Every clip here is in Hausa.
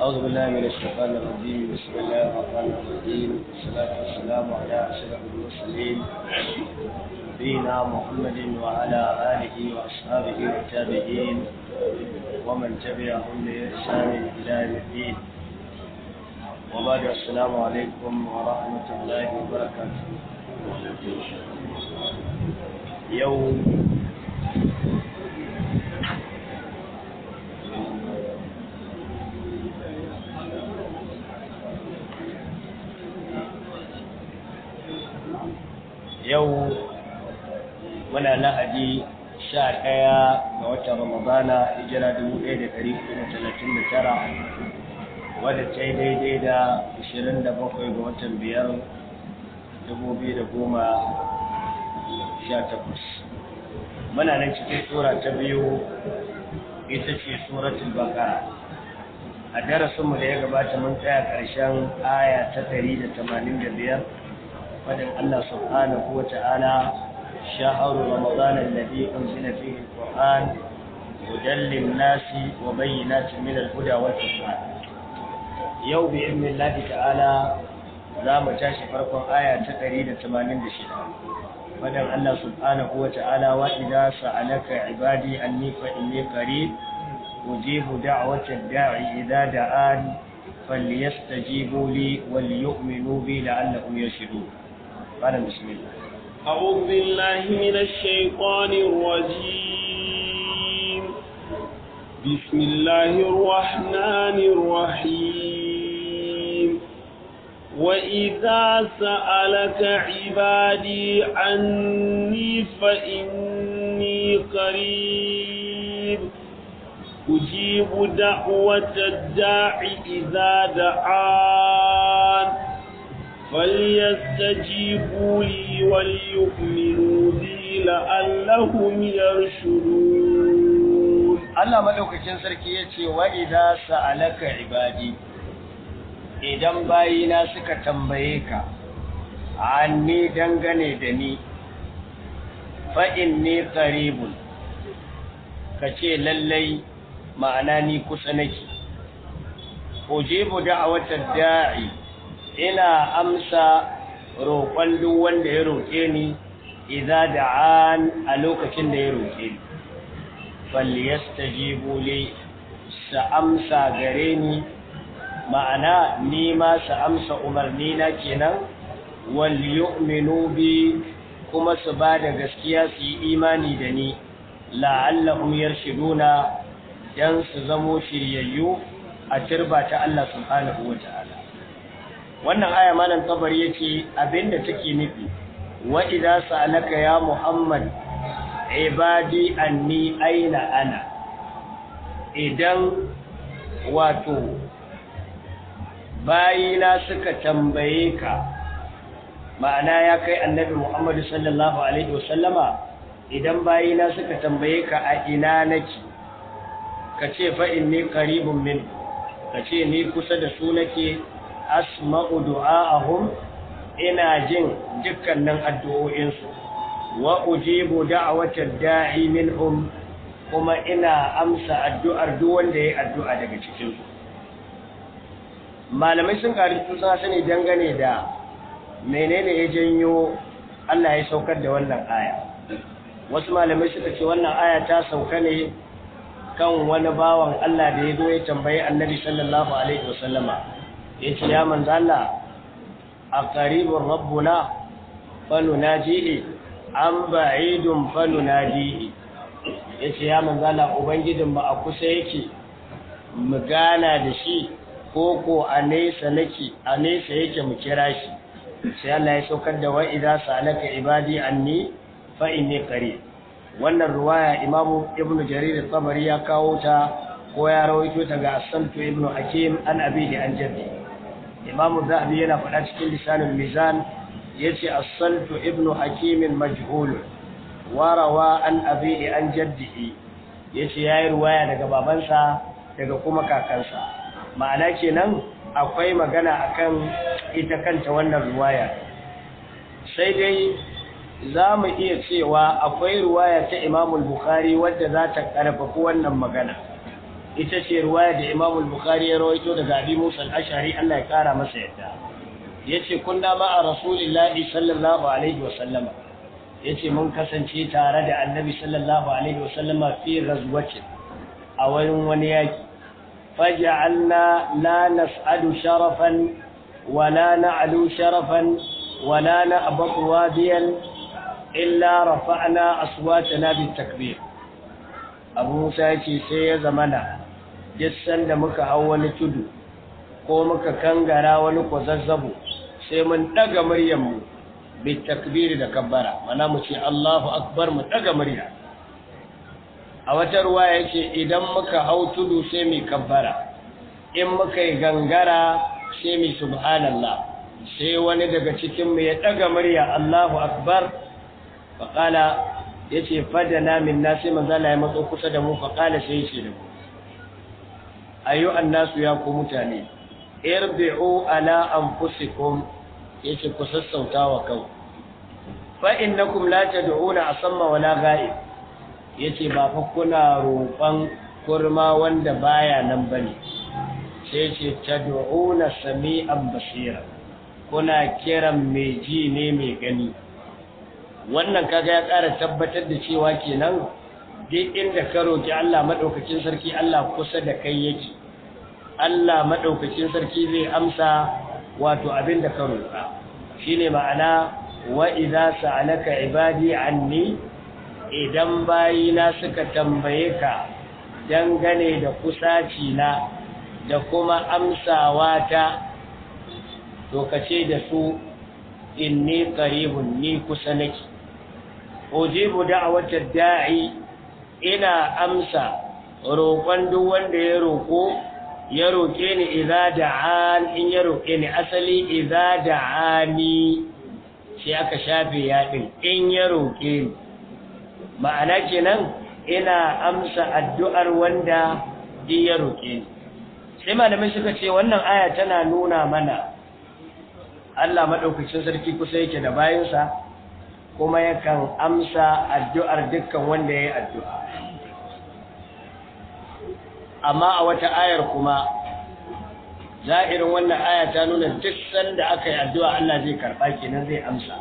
أعوذ بالله من الشيطان الرجيم بسم الله الرحمن الرحيم والصلاة والسلام على أشرف المرسلين نبينا محمد وعلى آله وأصحابه والتابعين ومن تبعهم بإحسان إلى يوم الدين وبعد السلام عليكم ورحمة الله وبركاته يوم yau muna lahadi sha ɗaya ga watan ramadana hijira dubu ɗaya da ɗari uku da talatin da tara wadda ta yi daidai da ashirin da bakwai ga watan biyar dubu biyu da goma sha takwas muna nan cikin tsora ta biyu ita ce tsoratun bakara a darasinmu da ya gabata mun tsaya ƙarshen aya ta ɗari da tamanin da biyar فدن الله سبحانه وتعالى شهر رمضان الذي أنزل فيه القرآن هدى للناس وبينات من الهدى والفرقان يوم بإذن الله تعالى za mu tashi farkon aya ta 186 wadan Allah subhanahu wa ta'ala wa idza sa'alaka ibadi anni fa inni qarib ujibu da'wata da'i idza da'an falyastajibu li wal قال بسم الله أعوذ بالله من الشيطان الرجيم بسم الله الرحمن الرحيم وإذا سألك عبادي عني فإني قريب أجيب دعوة الداعي إذا دعان فليستجيبوا لي وليؤمنوا بي لعلهم يرشدون الله مدوكاكين سركي yace wa idza sa'alaka ibadi idan bayina suka tambaye ka anni dangane da ni ne inni Ka kace lallai ma'ana ni kusa nake a wata da'i ina amsa roƙon duk wanda ya roƙe ni idza da'an a lokacin da ya roƙe ni yastajibu li sa amsa gare ni ma'ana ni ma sa amsa umarni na kenan wal yu'minu bi kuma su ba da gaskiya su yi imani da ni la'allahum yarshiduna dan su zamo shiryayyu a turba ta Allah subhanahu wa ta'ala wannan aya malam tabari yace abinda take nufi wa idza sa'alaka ya muhammad ibadi anni aina ana idan wato bayina suka tambaye ka ma'ana ya kai annabi muhammad sallallahu alaihi wasallama idan bayina suka tambaye ka a ina nake ka ce fa inni qaribun min ka ce ni kusa da su nake asma'u du'a'ahum ina jin dukkanin addu'o'insu wa ujibu watan da'i minhum kuma ina amsa addu'ar duk wanda yi addu'a daga cikinsu malamai sun su tutsa sani dangane da menene ya janyo Allah ya saukar da wannan aya wasu malamai suka ce wannan aya ta sauka ne kan wani bawan Allah da ya zo ya tambayi annabi sallallahu alaihi wasallama ya ya manzo Allah a qaribur rabbuna falunajihi am ba'idun falunajihi ya ce ya manzo Allah ubangijin ba a kusa yake mu gana da shi koko a nesa nake a nesa yake mu kira shi sai Allah ya saukar da wa idza salaka ibadi anni fa inni qarib wannan ruwaya imamu ibnu jarir al-tabari ya kawo ta ko ya rawaito ta ga asantu ibnu hakim an abi da an jaddi imamu zahabi yana faɗa cikin lisanin mizan yace as-saltu ibnu hakimin majhul wa an abihi an jaddihi yace yayi ruwaya daga babansa daga kuma kakansa ma'ana kenan akwai magana akan ita kanta wannan ruwaya sai dai za mu iya cewa akwai ruwaya ta imamul bukhari wadda za ta ƙarfafi wannan magana ita ce ruwaya da Imam al-Bukhari ya rawaito daga Abi Musa al-Ash'ari Allah ya kara masa yadda yace kunna ma a Rasulillahi sallallahu alaihi wa sallama yace mun kasance tare da Annabi sallallahu alaihi wa sallama fi ghazwatin a wurin wani yaki faj'alna la nas'alu sharafan wa la na'lu sharafan wa la na'batu wadiyan illa rafa'na aswatana bit takbir abu musa ya ce sai ya zama na duk da muka hau wani tudu ko muka kangara wani kwazazzabo sai mun daga mu bi takbiri da kabbara mana mu ce Allahu akbar mu daga murya a wata ruwa ya ce idan muka hau tudu sai mu kabbara in muka yi gangara sai mu subhanallah sai wani daga cikin mu ya daga murya Allahu akbar faqala yace fadana na sai manzo Allah ya matso kusa da mu fa kala sai yace da mu ayu annasu ya ku mutane irbi'u ala anfusikum yace ku sassauta wa kau fa innakum la tad'una asamma la ghaib yace ba fa kuna roƙon kurma wanda baya nan bane sai yace tad'una sami'an basira kuna kiran mai ji ne mai gani wannan kaga ya ƙara tabbatar da cewa kenan duk inda ka roki Allah madaukakin sarki Allah kusa da kai yake Allah madaukakin sarki zai amsa wato abin da ka roka shine ma'ana wa idza sa'alaka ibadi anni idan na suka tambaye ka dangane da kusaci na da kuma amsawa ta to da su inni qaribun ni kusa nake ujibu da'wata da'i ina amsa roƙon duk wanda ya roƙo ya roƙe ni idza da'an in ya roƙe ni asali idza da'ani sai aka shafe yaɗin in ya roƙe ni ma'ana kenan ina amsa addu'ar wanda ya roƙe ni sai malamai suka ce wannan aya tana nuna mana Allah maɗaukacin sarki kusa yake da bayansa kuma yakan amsa addu'ar dukkan wanda ya yi addu'a amma a wata ayar kuma zahirin wannan aya ta nuna duk sanda aka yi addu'a Allah zai karɓa kenan zai amsa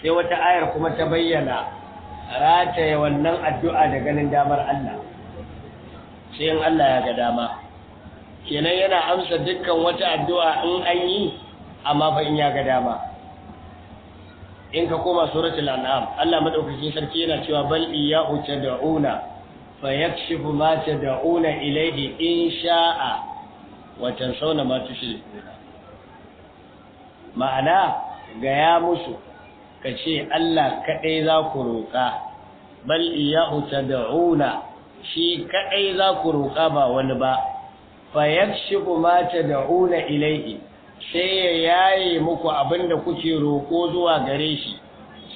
sai wata ayar kuma ta bayyana rataye wannan addu'a da ganin damar Allah sai in Allah ya ga dama kenan yana amsa dukkan wata addu'a in an yi amma fa in ya ga dama in ka koma suratul an'am Allah madaukaki sarki yana cewa bal iyyahu tad'una yakshifu ma tad'una ilayhi in sha'a wa tansawna ma tushrikuna ma'ana gaya musu kace Allah kadai za ku roƙa bal iyyahu tad'una shi kadai za ku roƙa ba wani ba yakshifu ma tad'una ilayhi sai ya yaye muku abin da kuke roƙo zuwa gare shi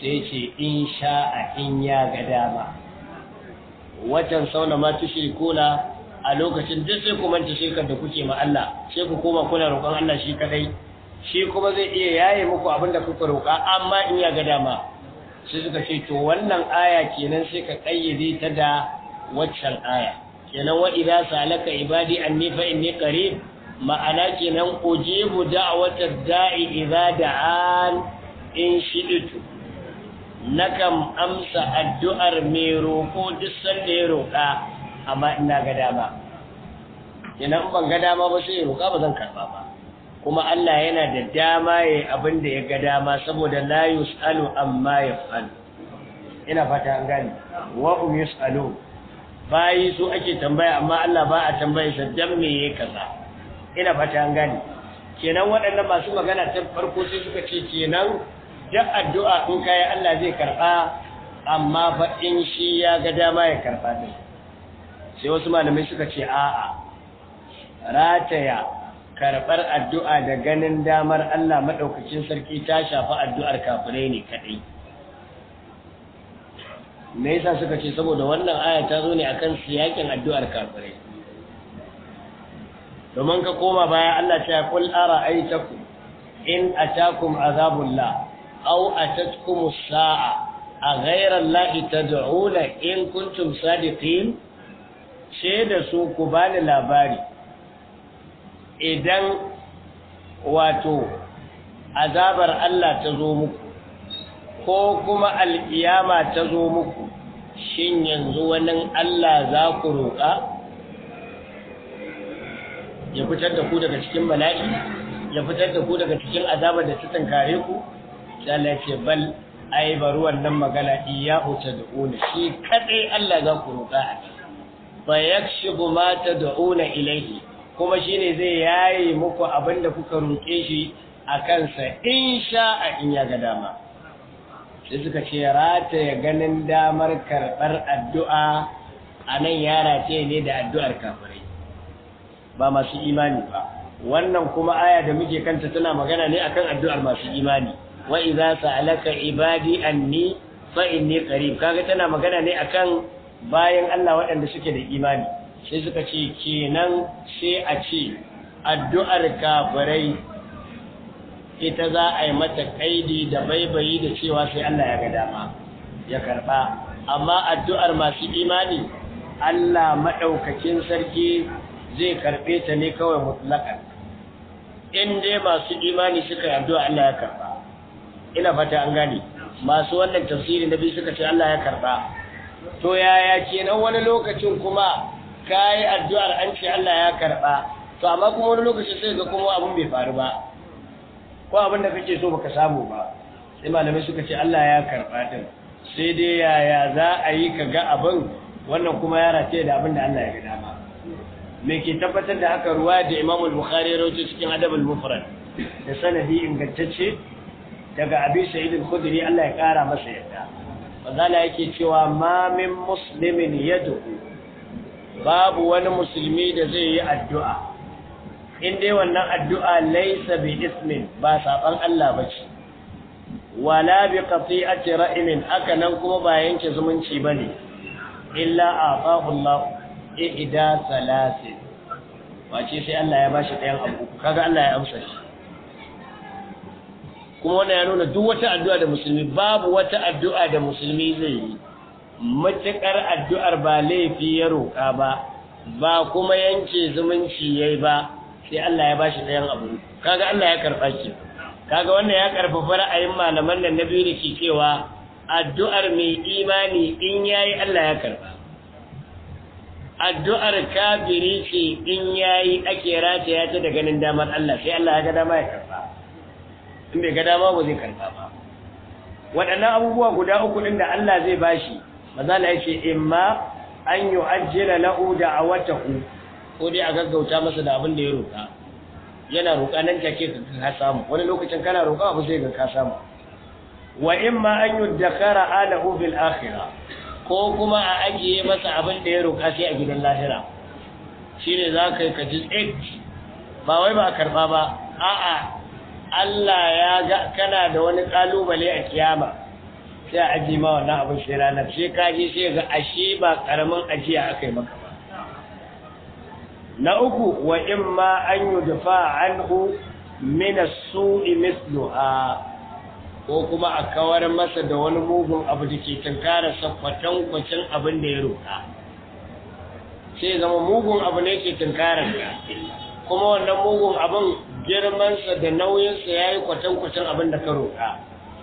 sai ce in sha'a in ya ga dama watan sauna ma tushrikuna a lokacin duk sai ku manta shekar da kuke ma Allah sai ku koma kuna roƙon Allah shi kadai shi kuma zai iya yaye muku abin da kuka roƙa amma in ya ga dama sai suka ce to wannan aya kenan sai ka kayyade ta da waccan aya kenan wa idza salaka ibadi anni fa inni qarib ma'ana kenan ujibu da'watar da'i idza da'an in shiditu nakam amsa addu'ar mai roƙo duk sanda ya roƙa amma ina ga dama idan ban ga dama ba sai ya roƙa ba zan karɓa ba kuma Allah yana da dama ya yi abin da ya ga dama saboda la yus'alu amma yaf'al ina fata an gani. wa um yus'alu bayi su ake tambaya amma Allah ba a tambaye sa dan me yake kaza ina fata an kenan waɗannan masu magana ta farko sai suka ce kenan duk addu'a in kai Allah zai karɓa amma fa in shi ya ga dama ya karɓa din sai wasu malamai suka ce a'a rataya karɓar addu'a da ganin damar Allah maɗaukacin sarki ta shafi addu'ar kafirai ne kadai. me yasa suka ce saboda wannan aya ta zo ne akan siyakin addu'ar kafirai domin ka koma baya Allah ta kul aitakum in atakum azabullah aw atatkum as-sa'a ghayra allahi tad'una in kuntum sadiqin sai da su ku ba ni labari idan wato azabar Allah ta zo muku ko kuma al'iyama ta zo muku shin yanzu wani Allah za ku roƙa ya fitar da ku daga cikin bala'i ya fitar da ku daga cikin azabar da ta tunkare ku da lafiya bal ai wannan magana nan magana da tad'una shi kadai Allah za ku roƙa a fa yakshibu ma tad'una ilayhi kuma shine zai yaye muku abinda kuka roƙe shi a kansa insha a in ya ga dama sai suka ce rata ya ganin damar karɓar addu'a a nan ya rataye ne da addu'ar kafin ba masu imani ba wannan kuma aya da muke kanta tana magana ne akan addu'ar masu imani wa idza sa'alaka ibadi anni fa inni qarib kaga tana magana ne akan bayan Allah waɗanda suke da imani sai suka ce kenan sai a ce addu'ar kafirai ita za a yi mata kaidi da baibayi da cewa sai Allah ya ga dama ya karba amma addu'ar masu imani Allah maɗaukakin sarki zai karbe ta ne kawai mutlaka in dai masu imani suka yi addu'a Allah ya karɓa ina fata an gane masu wannan tafsirin da suka ce Allah ya karɓa to yaya kenan wani lokacin kuma kai addu'ar an ce Allah ya karɓa to amma kuma wani lokacin sai ga kuma abin bai faru ba ko abin da kake so baka samu ba sai malamai suka ce Allah ya karɓa din sai dai yaya za a yi ka ga abin wannan kuma ya race da abin da Allah ya ga dama me ke tabbatar da haka ruwa da Imam al ya rawaito cikin Adab al-Mufrad da sanadi ingantacce daga Abi Sa'id al-Khudri Allah ya kara masa yarda manzala yake cewa ma min muslimin yad'u babu wani musulmi da zai yi addu'a in dai wannan addu'a laysa bi ismin ba saban Allah bace wala bi qati'ati ra'imin aka nan kuma ba yanke zumunci bane illa a'tahu Allah Ida salasin wace sai Allah ya bashi ɗayan abu kaga Allah ya amsa shi kuma wannan ya nuna duk wata addu'a da musulmi babu wata addu'a da musulmi zai yi matuƙar addu'ar ba laifi ya roƙa ba ba kuma yanke zumunci yayi ba sai Allah ya bashi ɗayan abu kaga Allah ya karɓa shi. kaga wannan ya karfafa ra'ayin malaman nan na biyu da ke cewa addu'ar mai imani in yayi Allah ya karɓa addu'ar kafiri ce in yayi ake rataya ta da ganin damar Allah sai Allah ya ga dama ya karba in bai ga dama ba zai karba ba waɗannan abubuwa guda uku ɗin da Allah zai bashi maza la yace imma an yu'ajjila lahu ku ko dai a gaggauta masa da abin da ya roƙa yana roƙa nan take ka samu wani lokacin kana roƙa abu ga ka samu wa imma an dakara alahu bil akhirah ko kuma a ajiye masa abin da ya roƙa sai a gidan lahira shine za ka ka ji tsit ba wai ba karɓa ba a'a Allah ya ga kana da wani kalubale a kiyama sai a ajiye ma wannan abin sai ranar sai ka je sai ga ashe ba karamin ajiya aka yi maka ba na uku wa imma an yudfa anhu min as-su'i mithluha ko kuma a kawar masa da wani mugun abu da ke tunkararsa kwatankwacin abin da ya roƙa sai zama mugun abu ne ke tunkararsa kuma wannan mugun abin girmansa da nauyinsa ya yi kwatankwacin abin da ka roƙa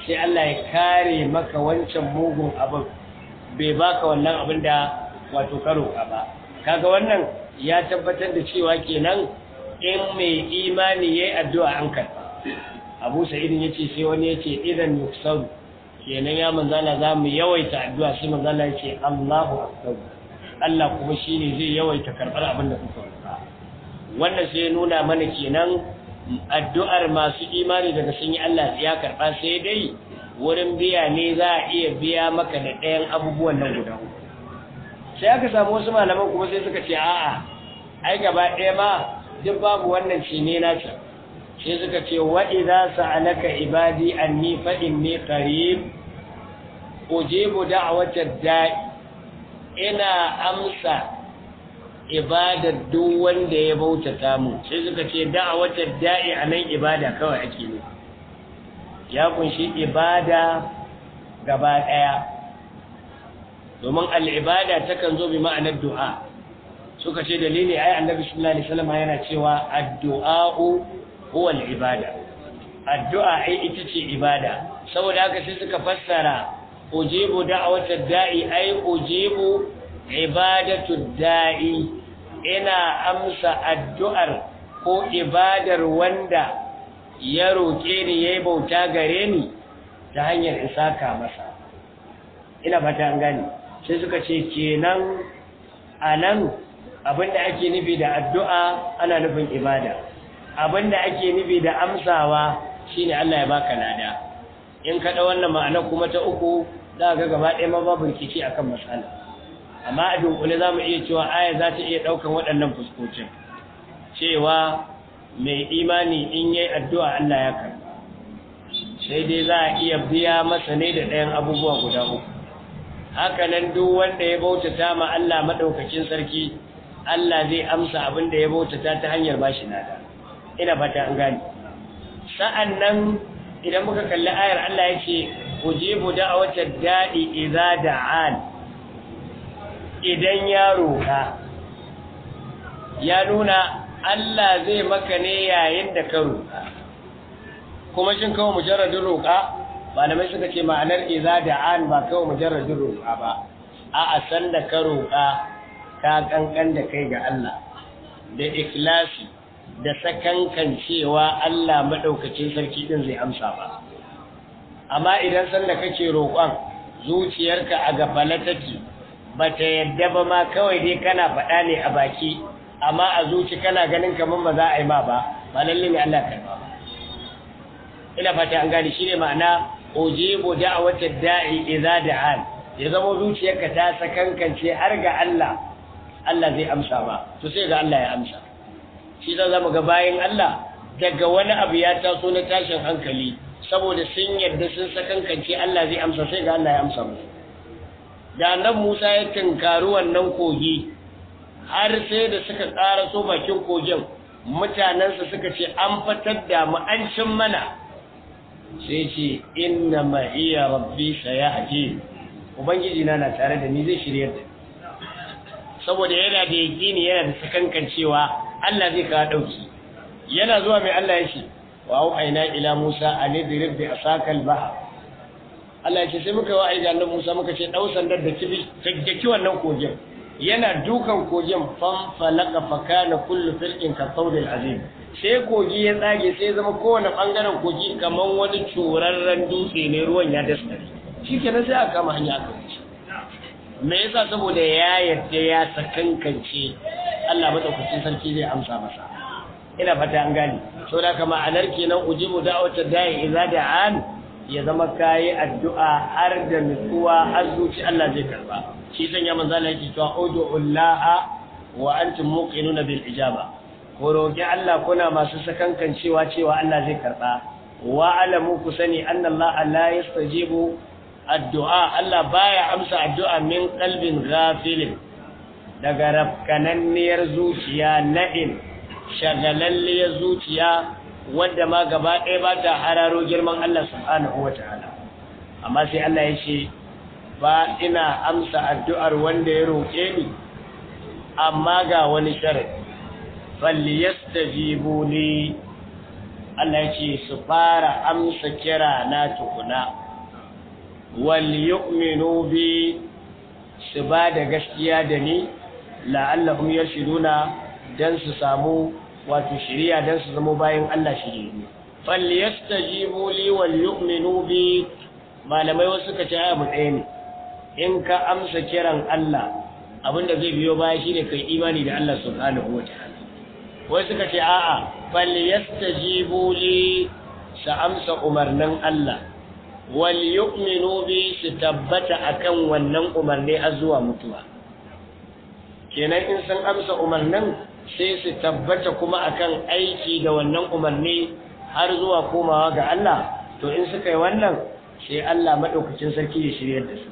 sai Allah ya kare maka wancan mugun abin bai baka wannan abin da wato ka roƙa ba kaga wannan ya tabbatar da cewa kenan in mai imani yayi addu'a an karɓa abu sa'idin ya ce sai wani yace idan yuksaru kenan ya manzala za mu yawaita addu'a sai manzala ya allahu akbar allah kuma shi zai yawaita karɓar abin da kuka roƙa wannan sai nuna mana kenan addu'ar masu imani daga sun yi allah ya karba sai dai wurin biya ne za a iya biya maka da ɗayan abubuwan nan guda sai aka samu wasu malaman kuma sai suka ce a'a ai gaba ɗaya ma duk babu wannan shine na can shi suka ce wa idza sa'alaka ibadi anni fa inni qarib ujibu da'watad da'i ina amsa ibada duk wanda ya bautata mu shi suka ce da'watad da'i nan ibada kawai ake ne ya kunshi ibada gaba daya domin al'ibada takan zo bi ma'anar du'a suka ce dalili ai annabi sallallahu alaihi wasallam yana cewa addu'a'u huwa ibada addu'a ai ita ce ibada saboda haka sai suka fassara ujibu da'watad da'i ai ujibu ibadatu da'i ina amsa addu'ar ko ibadar wanda ya roke ni yayi bauta gare ni ta hanyar isaka masa ina fata an gani sai suka ce kenan anan abinda ake nufi da addu'a ana nufin ibada Abin da ake nufi da amsawa shine Allah ya baka lada in ka da wannan ma'anar kuma ta uku za ga gaba ɗaya ma babu rikici akan matsala amma a dunkule za mu iya cewa aya za ta iya ɗaukan waɗannan fuskocin cewa mai imani in yi addu'a Allah ya karɓa sai dai za a iya biya masa ne da ɗayan abubuwa guda uku Haka nan duk wanda ya bautata ma Allah maɗaukakin sarki Allah zai amsa abin da ya bautata ta hanyar bashi nada ina fata an gani. sa'annan idan muka kalli ayar Allah yake ujibu da'awatad da'i idza da'an idan ya roka ya nuna Allah zai maka ne yayin da ka roka kuma shin kawai mujarradin roka malamai suka ce ma'anar idza da'an ba kawai mujarradin roka ba a san da ka roka ka kankan da kai ga Allah da ikhlasi da sakankan cewa Allah maɗaukacin sarki ɗin zai amsa ba amma idan da kake roƙon zuciyarka a gafala take ba ta yadda ba ma kawai dai kana faɗa ne a baki amma a zuci kana ganin kamar ba za a yi ma ba ba lallin ne Allah karɓa ba ina fata an gane shi ne ma'ana ujibu wata da'i idza da'an ya zama zuciyarka ta sakankance har ga Allah Allah zai amsa ba to sai ga Allah ya amsa shi za mu ga bayan Allah daga wani abu ya taso na tashin hankali saboda sun yarda sun sakankance Allah zai amsa sai ga Allah ya amsa musu da nan Musa ya tinkaru wannan kogi har sai da suka ƙara so bakin kogin mutanensa suka ce an fatar da mu an cin mana sai ce inna hiya rabbi sayahdi ubangiji na na tare da ni zai shiryar da saboda yana da yaƙini yana da sakankancewa. Allah zai kawo ɗauki. yana zuwa mai Allah ya ce wa aina ila Musa an bi asaka al baha. Allah ya ce sai muka wa'ayi ga annabi Musa muka ce dau sandar da kibi ki wannan kogin yana dukan kogin fan falaka fakana kullu firqin ka sawdil azim sai kogi ya tsage sai zama kowane bangaren kogi kamar wani curarren dutse ne ruwan ya daskare shikenan sai aka kama hanya aka me yasa saboda ya yarda ya sakankance Allah madaukakin sarki zai amsa masa ina fata an gane saboda kama anar kenan ujibu da'watad da'i idza da'an ya zama kayi addu'a har da mutuwa har zuci Allah zai karba shi sanya manzo Allah yake cewa ud'ullaha wa antum muqinuna bil ijaba ko roki Allah kuna masu kan cewa cewa Allah zai karba wa alamu ku sani anna Allah la yastajibu addu'a Allah baya amsa addu'a min qalbin ghafilin daga rafkananniyar zuciya na'in shagalalliyar zuciya wadda ma gaba ɗaya ba ta hararo girman Allah subhanahu wa ta'ala amma sai Allah ya ce ba ina amsa addu'ar wanda ya roƙe ni amma ga wani sharadi falli staji buli Allah ya ce su fara amsa kira na tukuna wal yu'minu bi su ba da gaskiya da ni la'allahum yarshiduna dan su samu wato shiriya dan su zama bayan Allah shiriyu falyastajibu li wal yu'minu bi malamai wasu ka ci mu ne in ka amsa kiran Allah abinda zai biyo baya shine kai imani da Allah subhanahu wataala wasu ka ce a'a falyastajibu li su amsa umarnin Allah wal yu'minu bi su tabbata akan wannan umarni a zuwa mutuwa kenan in sun amsa umarnin sai su tabbata kuma akan aiki da wannan umarni har zuwa komawa ga Allah to in suka yi wannan sai Allah madaukakin sarki ya shirye da su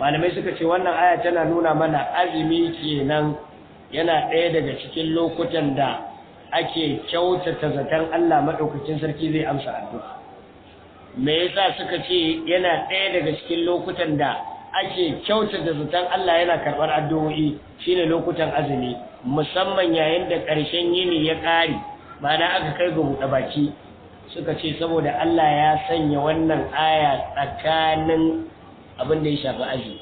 malamai suka ce wannan aya tana nuna mana azumi kenan yana ɗaya daga cikin lokutan da ake kyautata zaton Allah maɗaukacin sarki zai amsa addu'a me yasa suka ce yana ɗaya daga cikin lokutan da ake da zaton Allah yana karɓar addu'o'i shine lokutan azumi musamman yayin da ƙarshen yini ya ƙare ma'ana aka kai ga buɗe baki suka ce saboda Allah ya sanya wannan aya tsakanin abin da ya shafi aji.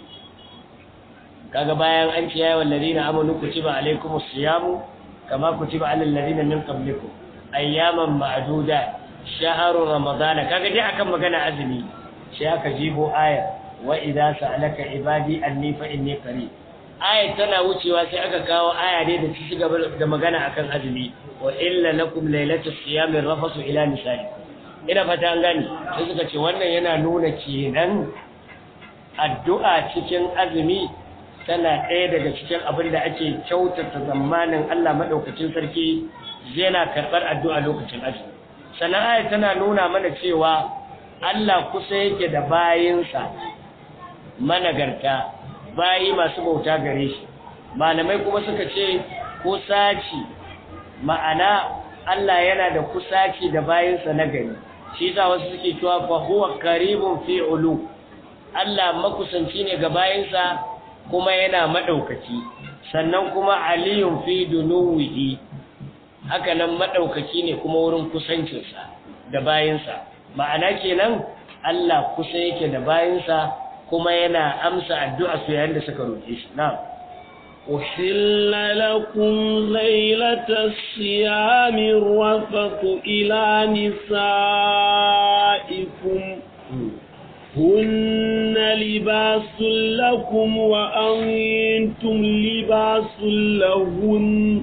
kaga bayan an ce yayi wallazina amanu kutiba alaikum siyamu kama kutiba alal ladina min qablikum ayyaman ma'duda sha'aru ramadana kaga dai kan magana azumi sai aka jibo a'yar. wa idza sa'alaka ibadi anni fa inni qarib aya tana wucewa sai aka kawo aya ne da ci gaba da magana akan azumi wa illa lakum laylatu siyami rafasu ila misali ina fata an gani sai suka ce wannan yana nuna kenan addu'a cikin azumi tana ɗaya daga cikin abin da ake kyautata zamanin Allah madaukakin sarki yana karɓar addu'a lokacin azumi sannan aya tana nuna mana cewa Allah kusa yake da bayinsa managarta bayi masu bauta gare shi malamai kuma suka ce kusaci ma'ana Allah yana da kusaci da bayinsa na gari shi za wasu suke cewa fa huwa qaribun fi ulu Allah makusanci ne ga bayinsa kuma yana madaukaki sannan kuma aliyun fi dunuwihi haka nan madaukaki ne kuma wurin kusancinsa da bayinsa ma'ana kenan Allah kusa yake da bayinsa kuma yana amsa addu'a su yayin da suka roƙe shi na'am أحل لكم ليلة الصيام الرفق إلى نسائكم هن لباس لكم وأنتم لباس لهن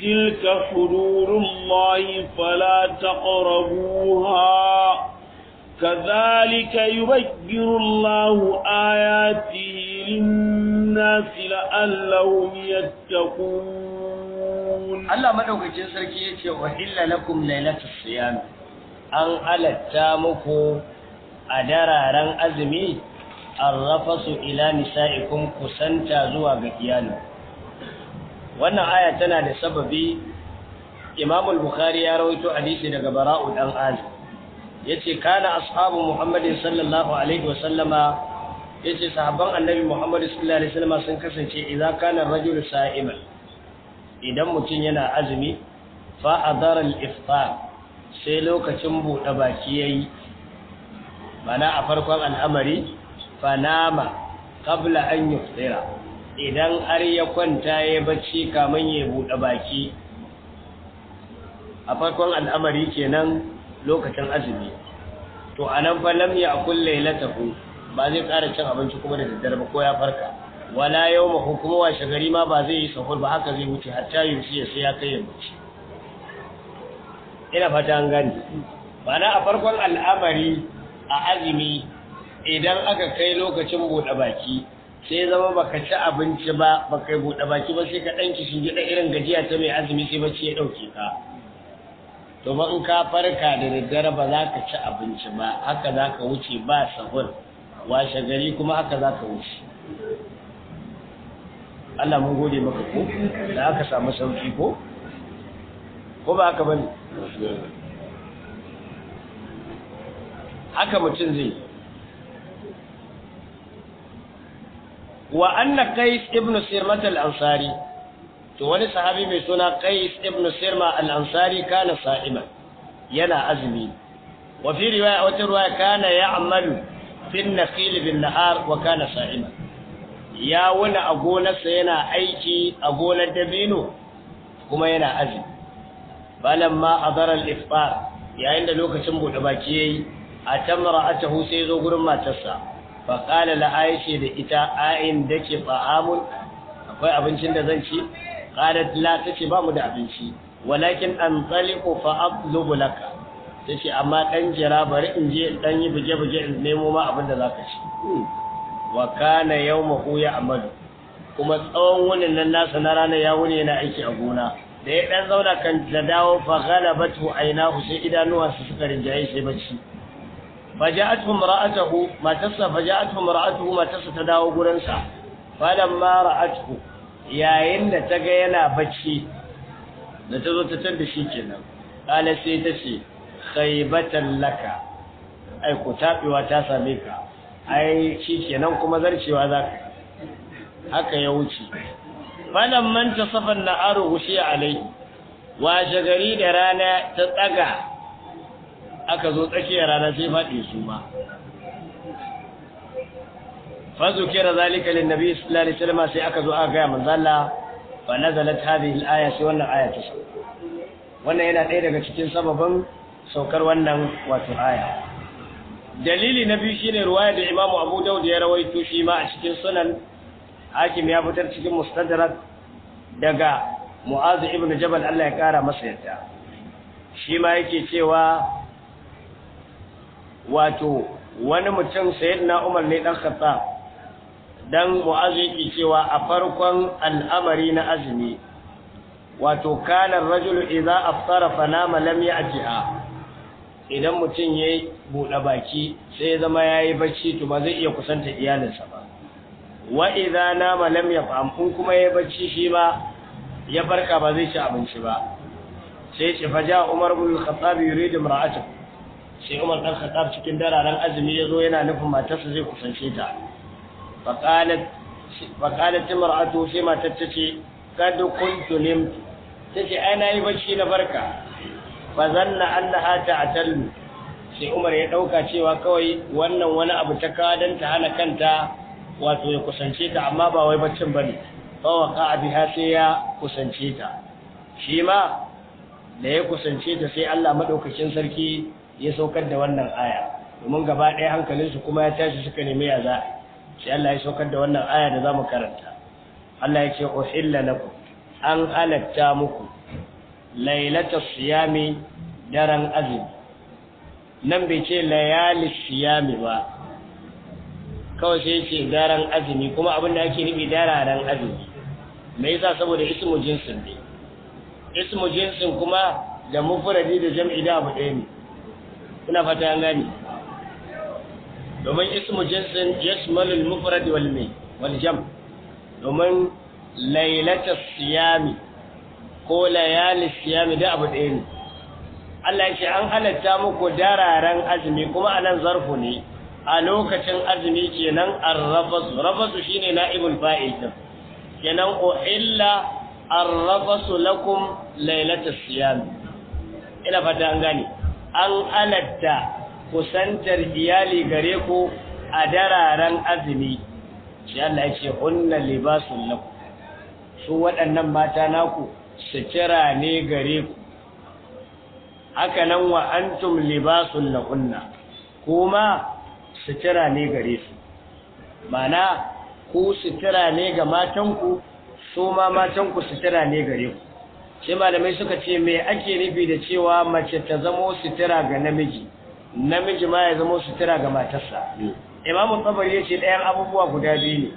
تلك حدود الله فلا تقربوها كذلك يبين الله آياته للناس لعلهم يتقون الله مدوكacin sarki yace wa illa lakum lailatul siyam an alatta muku a dararen azumi arrafasu ila nisaikum kusanta zuwa ga iyali. wannan aya tana da sababi imam al-bukhari ya rawaito hadisi daga bara'u dan ali yace kana ashabu muhammadin sallallahu alaihi wasallama yace sahabban annabi muhammad sallallahu alaihi wasallama sun kasance idan kana rajul sa'iman idan mutum yana azumi fa adara al-iftar sai lokacin bude baki yayi mana a farkon al'amari fa nama qabla an yuftira idan har ya kwanta ya bacci kamar ya buɗe baki a farkon al'amari kenan lokacin azumi to a nan fa lam ya akul lailatahu ba zai ƙara cin abinci kuma da daddare ba ko ya farka wala yau yawma hukuma wa shagari ma ba zai yi sahur ba haka zai wuce ta yi ya sai ya kai ya ina fata an gani Bana a farkon al'amari a azumi idan aka kai lokacin buɗe baki sai zama baka ci abinci ba baka yi buɗe baki ba sai ka ɗanki shi gida irin gajiya ta mai azumi sai bacci ya ɗauke ka to ba in ka farka da daddare ba za ka ci abinci ba haka za ka wuce ba sahur washe gari kuma haka za ka wuce Allah mun gode maka ko da aka samu sauki ko ko ba haka bane haka mutum zai yi wa anna qais ibn sirmat al-ansari to wani sahabi mai suna qais ibn sirma al-ansari kana sa'ima yana azumi wa fi riwaya wata riwaya kana ya'malu fi an-nakhil bin nahar wa kana sa'ima ya wuna a gonarsa yana aiki a gonar dabino kuma yana balan ma hadara al ifar yayin da lokacin bude baki yayi a tamra atahu sai zo gurin matarsa faƙala la'aishe da ita a'in da ke fa'amun akwai abincin da zan ci ƙalat la ta ce ba mu da abinci walakin an tsaliku fa'ablubu laka ta ce amma ɗan jira bari in je ɗan yi buge-buge in nemo ma abin da za ka ci hmm. wa kana yau mahu ya amadu kuma tsawon wunin nan nasa na rana ya wuni yana aiki a gona da ya ɗan zauna kan da dawo fa galabatu ainahu sai idanuwansa suka rinjaye sai bacci faja'atuhu mar'atuhu matarsa faja'atuhu mar'atuhu matarsa ta dawo gurinsa. sa falamma ra'atuhu yayin da ta ga yana bacci da ta zo ta tar da shi kenan qala ce khaybatan laka ai ko ta same ka ai shi kenan kuma zarcewa zaka haka ya wuce falamman tasafan na'aru gushiya alai washe gari da rana ta tsaga aka zo tsakiyar rana sai faɗi su ma fazu kira zalika lin nabi sallallahu alaihi wasallam sai aka zo aka ga manzo Allah fa nazalat hadhihi al-aya sai wannan aya ta wannan yana ɗaya daga cikin sababin saukar wannan wato aya dalili na biyu shine ruwaya da Imam Abu Dawud ya rawaito shi ma a cikin sunan hakim ya fitar cikin mustadrak daga Mu'az ibn Jabal Allah ya kara masa yadda. shi ma yake cewa wato wani mutum na Umar ne dan kasa, dan Mu'az yake cewa a farkon al'amari na azumi wato kanar rajulu a fara fa nama a jiha. idan mutum yayi buɗe baki sai ya yi yayi bacci to ba zai iya kusanta iyalinsa ba wa idza nama lam yaf'am kun kuma yi bacci shi ba ya barka ba zai ci abinci ba sai ce faja Umar ibn khattab yuridu imra'atahu sai Umar dan Khattab cikin dararen azumi ya zo yana nufin matarsa zai kusance ta faqalat faqalat imra'atu sai matar ce kad kuntu lim tace ai nayi bacci na barka fa zanna annaha ta'tal sai Umar ya dauka cewa kawai wannan wani abu ta kadan ta hana kanta wato ya kusance ta amma ba wai baccin bane fa waqa biha sai ya kusance ta shi ma da ya kusance ta sai Allah madaukakin sarki ya saukar da wannan aya domin gaba ɗaya hankalinsu kuma ya tashi suka nemi ya za sai Allah ya saukar da wannan aya da za mu karanta Allah ya ce uhilla lakum an halatta muku lailata siyami daren azumi nan bai ce layali siyami ba kawai sai ce daren azumi kuma abin da ake nufi dararen azumi me yasa saboda ismu jinsin ne ismu jinsin kuma da mufradi da jam'i da abu ɗaya ne ina fata ya gani domin ismu jinsin yashmalul mufrad wal mai wal jam domin lailatul siyami ko layali siyami da abu ɗaya ne Allah ce an halatta muku dararen azumi kuma a nan zarfu ne a lokacin azumi kenan arrafasu rafasu shine na'ibul fa'il din kenan uhilla arrafasu lakum lailatul siyami ina fata an gani an alatta kusantar iyali gare ku a dararen azumi shi Allah ya ce hunna libasun naku, su waɗannan mata naku kira ne gare ku haka nan wa antum libasun lahunna kuma kira ne gare su mana ku su kira ne ga matanku su ma matanku su kira ne gare ku Shi malamai suka ce me ake nufi da cewa mace ta zamo sitira ga namiji namiji ma ya zamo sitira ga matarsa imamu tabari ya ce ɗayan abubuwa guda biyu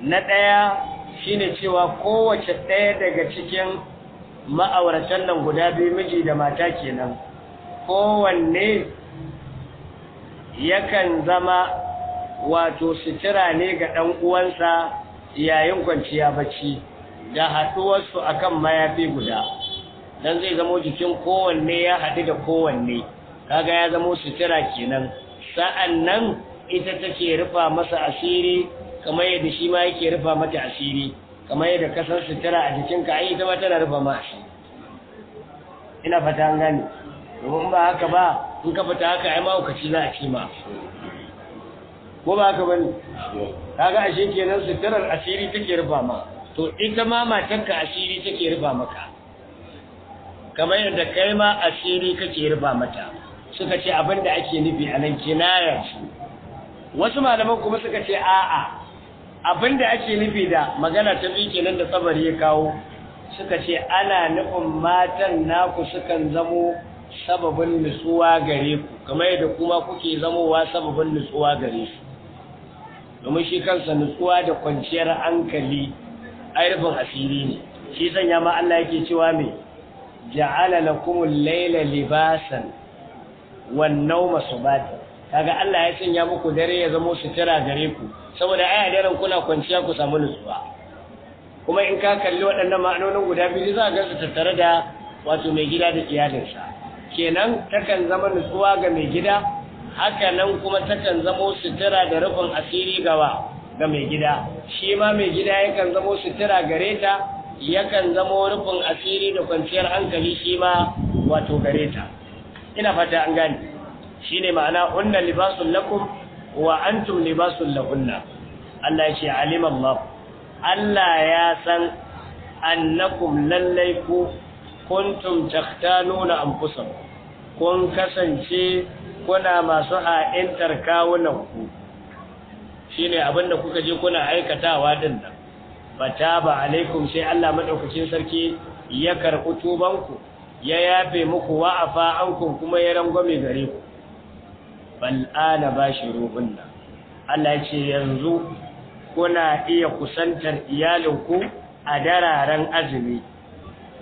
ne na ɗaya shine cewa kowace ɗaya daga cikin ma'auratan nan guda biyu miji da mata kenan kowanne yakan zama wato sitira ne ga ɗan uwansa yayin kwanciya bacci da haɗuwarsu kan mayafi guda don zai zamo jikin kowanne ya haɗu da kowanne kaga ya zamo sutura kenan sa'an nan ita take rufa masa asiri kamar yadda shi ma yake rufa mata asiri kamar yadda ka san sutura a jikinka ai ita ma tana rufa ma ina fata an gane domin ba haka ba in ka fita haka ai ma ukaci za a ci ma ko ba haka bane kaga ashe kenan suturar asiri take rufa ma to ita ma matanka asiri take ruba maka kamar yadda kai ma asiri kake ruba mata suka ce abin da ake nufi a nan kinayar wasu malaman kuma suka ce a'a abin da ake nufi da magana ta bi kenan da tsabari ya kawo suka ce ana nufin matan naku sukan zamo sababin nutsuwa gare ku kamar yadda kuma kuke zamowa sababin nutsuwa gare su domin shi kansa nutsuwa da kwanciyar hankali ai rufin asiri ne shi sanya ma Allah yake cewa me ja'ala lakumul layla libasan wan nawma subata kaga Allah ya sanya muku dare ya zama sutura gare ku saboda ai daren kuna kwanciya ku samu nutsuwa kuma in ka kalli waɗannan ma'anonin guda biyu za ka su tattare da wato mai gida da iyalinsa kenan takan zama nutsuwa ga mai gida haka nan kuma takan zama sutura da rufin asiri gawa ga mai gida shi ma mai gida yakan zamo sutura gare ta yakan zamo rufin asiri da kwanciyar hankali shi ma wato gare ta ina fata an gane shine ma'ana unna libasun lakum wa antum libasun lahunna Allah ya ce aliman Allah Allah ya san annakum lallai ku kuntum takhtanuna anfusakum kun kasance kuna masu ha'intar kawunan ku shine abin da kuka je kuna aikatawa din nan ba alaikum sai Allah madaukakin sarki ya karɓi tubanku ya yafe muku wa'afa ankum kuma ya rangwame gare ku bal ana ruhun nan Allah ce yanzu kuna iya kusantar iyalinku a dararen azumi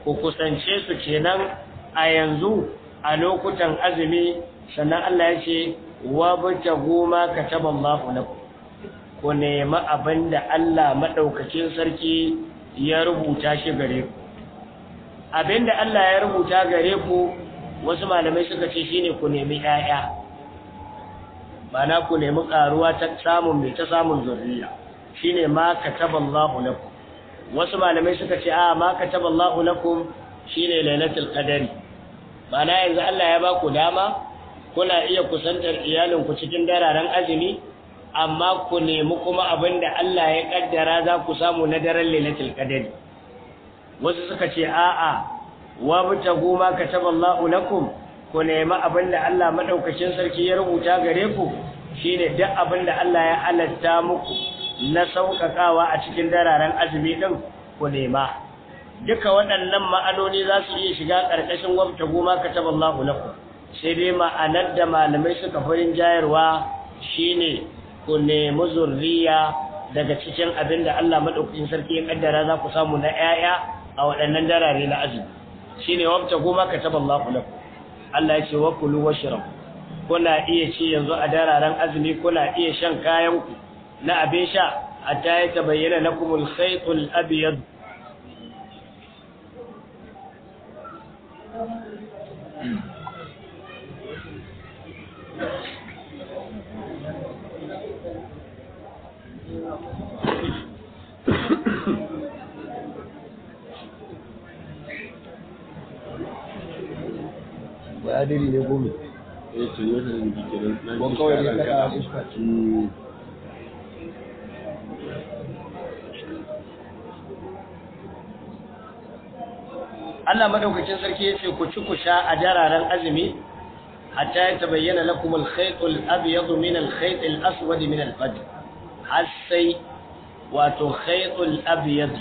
ku kusance su kenan a yanzu a lokutan azumi sannan Allah ya ce wa bata goma ka taɓa mafi lakum ku nemi abin da Allah maɗaukacin sarki ya rubuta shi gare ku abin da Allah ya rubuta gare ku wasu malamai suka ce shi ne ku nemi Ba mana ku nemi ƙaruwa ta samun mai ta samun zurriya ne ma kataballahu lakum wasu malamai suka ce a ma shi ne shine lailatul Ba mana yanzu Allah ya ba ku dama kuna iya kusantar iyalinku cikin dararen azumi amma ku nemi kuma abin da Allah ya kaddara za ku samu na daren lailatul qadr wasu suka ce a'a wa goma ma kataballahu lakum ku nemi abin da Allah madaukakin sarki ya rubuta gare ku shine duk abin da Allah ya halatta muku na sauƙaƙawa a cikin dararen azumi din ku nema duka waɗannan ma'anoni za su iya shiga ƙarƙashin ka taɓa kataballahu lakum sai dai ma'anar da malamai suka farin jayarwa shine ku nemi zurriya daga cikin abin da Allah madaukakin sarki ya kaddara za ku samu na 'ya'ya a waɗannan darare na azumi shine wabta goma ka lakum Allah ya ce wa kulu shirin. kuna iya ci yanzu a dararen azumi kuna iya shan kayan ku na abin sha ta ya tabayyana bayyana na ku al-abyad Thank you. Baradiri ne gome. Eh, to yau da zan bike nan. Ko kawai ne kada fuska. Allah madaukakin sarki yace ku ci ku sha a jararan azumi hatta ya tabayyana lakum al-khayt al-abyad min al-khayt al-aswad min al-fajr har sai wato khayt al-abyad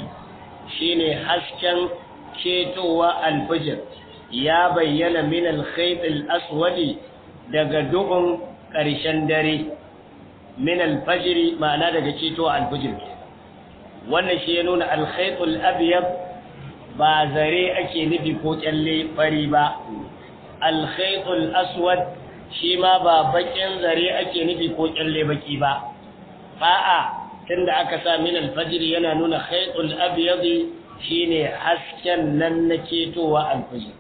shine hasken ketowa al-fajr ya bayyana minal al-khayt aswadi daga duhun ƙarshen dare Minal fajiri ma'ana daga cito al-fajr wannan shi ya nuna al-khayt abyad ba zare ake nufi ko kyalle fari ba al-khayt aswad shi ma ba bakin zare ake nufi ko kyalle baki ba a'a tunda aka sa minal fajiri yana nuna khayt al-abyad shine hasken nan na ketowa al-fajr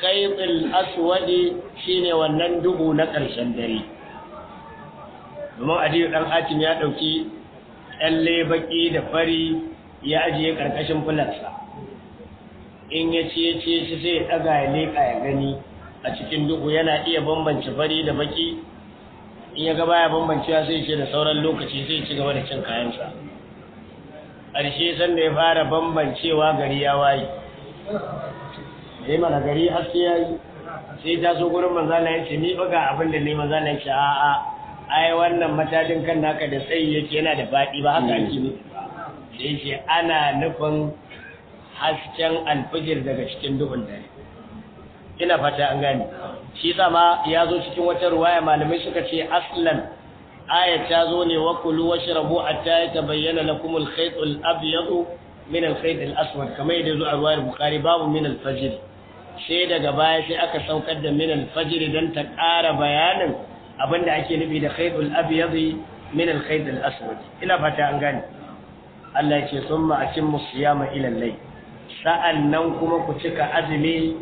khaytul aswadi shine wannan duhu na ƙarshen dare domin adiyu dan hatim ya dauki tsalle baki da fari ya ajiye karkashin fularsa in ya ciye ciye shi sai ya daga ya leka ya gani a cikin duhu yana iya bambance fari da baki in ya ga baya bambancewa sai ce da sauran lokaci sai ci gaba da cin kayansa ƙarshe sanda ya fara bambancewa gari ya waye eh mana gari ya yi. sai ta so gurin maza na ya ce ni ba abin da ne manzo na ya ce a a ai wannan matajin kan naka da tsayi yake yana da baɗi ba haka ake ne sai ce ana nufin hasken alfijir daga cikin duhun dare ina fata an gane shi sama ya zo cikin wata ruwaya malamai suka ce aslan aya ta zo ne wa kulu washrabu hatta yatabayyana lakum al-khayt al-abyad min al-khayt al-aswad kamar yadda zo a ruwayar bukhari babu min al sai daga baya sai aka saukar da minal fajiri don ta ƙara bayanin abinda ake nufi da min al khayd al aswad ina fata an gane Allah yake summa atimmu musiyama ila al-layl sa'annan kuma ku cika azumi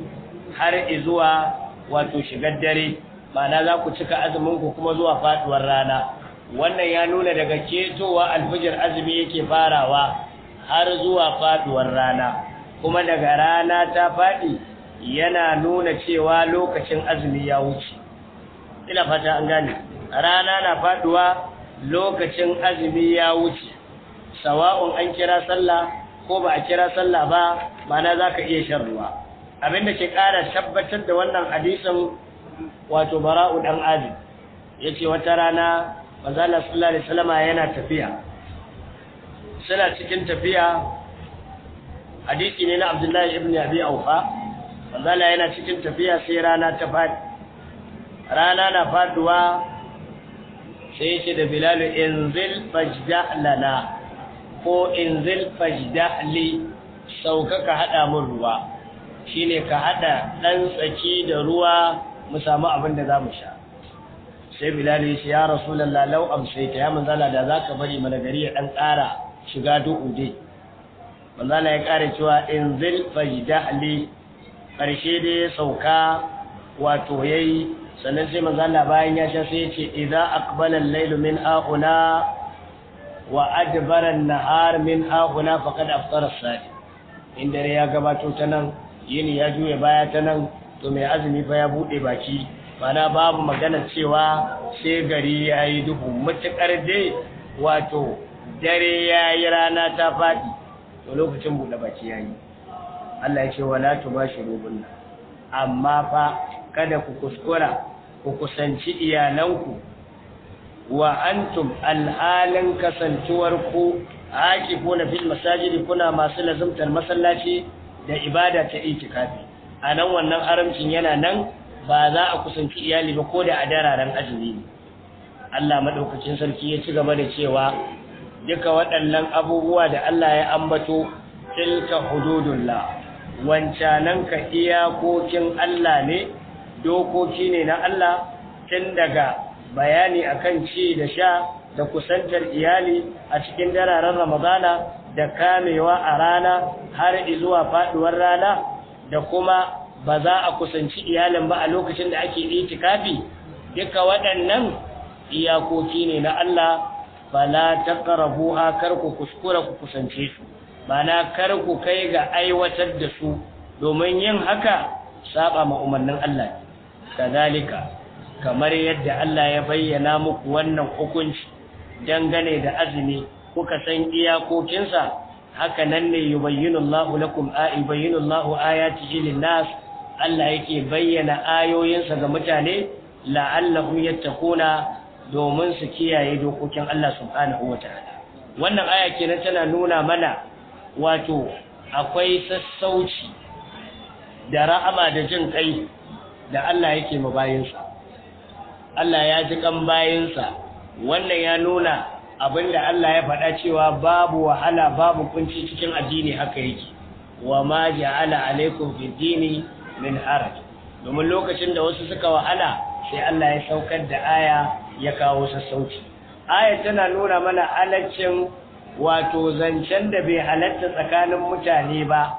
har zuwa wato shigar dare ma'ana za ku cika azumin ku kuma zuwa faduwar rana wannan ya nuna daga ketowa alfijir azumi yake farawa har zuwa faduwar rana kuma daga rana ta faɗi yana nuna cewa lokacin azumi ya wuce ina fata an gane rana na faduwa lokacin azumi ya wuce sawa'un an kira sallah ko ba a kira sallah ba mana zaka iya shan ruwa abinda ke ƙara tabbatar da wannan hadisin wato bara'u dan ya yace wata rana manzo sallallahu alaihi wasallam yana tafiya suna cikin tafiya hadisi ne na Abdullahi ibn Abi Aufa Allah yana cikin tafiya sai rana ta faɗi rana na faduwa sai yake da Bilal inzil fajda lana ko inzil fajda li sauka ka haɗa mun ruwa shine ka haɗa ɗan tsaki da ruwa mu samu abin da za mu sha sai Bilal ya ce ya rasulallah lau amsaita ya manzala da za ka bari mana gari ya ɗan tsara shiga du'u dai manzala ya ƙara cewa inzil fajda li ƙarshe dai ya sauka wato ya yi sannan sai manzala bayan ya sha sai ce iza akbalan lailu min ahuna wa adbaran nahar min ahuna faqad aftara sadi in dare ya gabato ta nan yini ya juya baya ta nan to mai azumi fa ya buɗe baki mana babu magana cewa sai gari ya yi duhu matuƙar dai wato dare ya yi rana ta faɗi to lokacin buɗe baki ya yi Allah ya ce wala tubashirun amma fa kada ku kuskura ku kusanci iyalanku wa antum al'alan ku aki kuna fil masajidi kuna masu lazumtar masallaci da ibada ta itikafi anan wannan haramcin yana nan ba za a kusanci iyali ba ko da a dararen azumi Allah madaukakin sarki ya ci gaba da cewa duka waɗannan abubuwa da Allah ya ambato tilka hududullah wancananka iyakokin Allah ne dokoki ne na Allah tun daga bayani akan ci da sha da kusantar iyali a cikin dararen Ramadana da kamewa a rana har zuwa faduwar rana da kuma ba za a kusanci iyalin ba a lokacin da ake itikafi duka waɗannan iyakoki ne na Allah fala taqrabuha karku kuskura ku kusance su mana kar ku kai ga aiwatar da su domin yin haka saba ma umarnin Allah kazalika kamar yadda Allah ya bayyana muku wannan hukunci dangane da azumi kuka san iyakokinsa haka nan ne yubayyinu Allah lakum yubayyinu Allah ayatihi lin-nas Allah yake bayyana ayoyinsa ga mutane la'allahum yattaquna domin su kiyaye dokokin Allah subhanahu wataala wannan aya kenan tana nuna mana wato akwai sassauci da ra'ama da jin kai da Allah yake ma bayinsa Allah ya ji kan bayinsa wannan ya nuna abinda Allah ya faɗa cewa babu wahala babu kunci cikin addini haka yake wa ma ja'ala alaikum fi dini min haraj domin lokacin da wasu suka wahala sai Allah ya saukar da aya ya kawo sassauci aya tana nuna mana alaccin wato zancen da bai halatta tsakanin mutane ba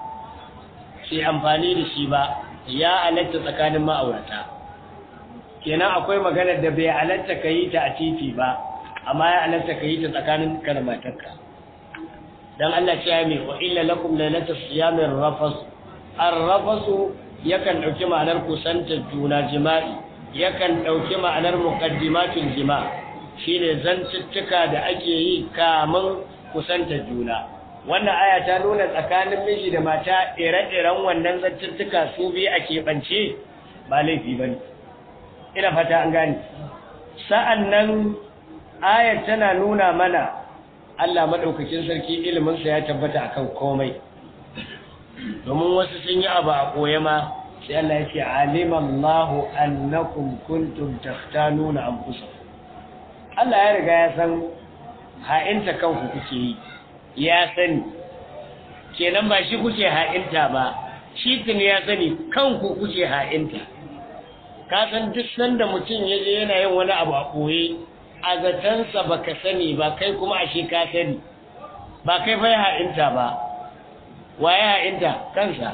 sai amfani da shi ba ya halatta tsakanin ma'aurata kenan akwai maganar da bai halatta ka yi ta a titi ba amma ya halatta ka yi ta tsakanin ka matarka dan Allah ya mai wa illa lakum lailatu siyamir rafas ar-rafasu yakan dauki ma'anar kusantar juna jima'i yakan dauki ma'anar muqaddimatul jima'i shine zantuttuka da ake yi kamun kusanta juna wannan aya ta nuna tsakanin miji da mata ire-iren wannan zantuttuka su biyu a keɓance ba laifi ba ne ina fata an gane sa'an nan ayar tana nuna mana Allah maɗaukakin sarki iliminsa ya tabbata a kan komai domin wasu sun yi abu a koya ma sai Allah ya ce kunkuntun annakum kuntum an kusa. Allah ya riga ya san ha'inta kanku kuke yi ya sani kenan ba shi kuke ha'inta ba shi kin ya sani kanku kuke ha'inta ka san duk sanda mutum ya je yana yin wani abu a koye a zatansa baka sani ba kai kuma ashe ka sani ba kai bai ha'inta ba waye ha'inta kansa